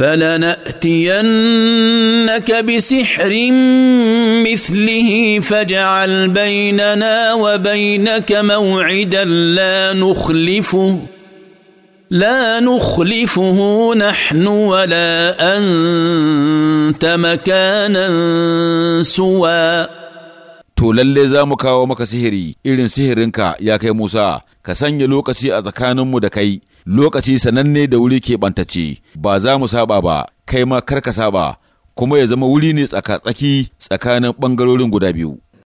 فلناتينك بسحر مثله فاجعل بيننا وبينك موعدا لا نخلفه لا نخلفه نحن ولا انت مكانا سوى تولى lalle ومك سهري kawo maka sihiri irin sihirinka موسى ka sanya lokaci a tsakaninmu da kai, lokaci sananne da wuri keɓantace. ba za mu saba ba, kai ma kar ka saba, kuma ya zama wuri ne tsaka-tsaki tsakanin ɓangarorin guda biyu.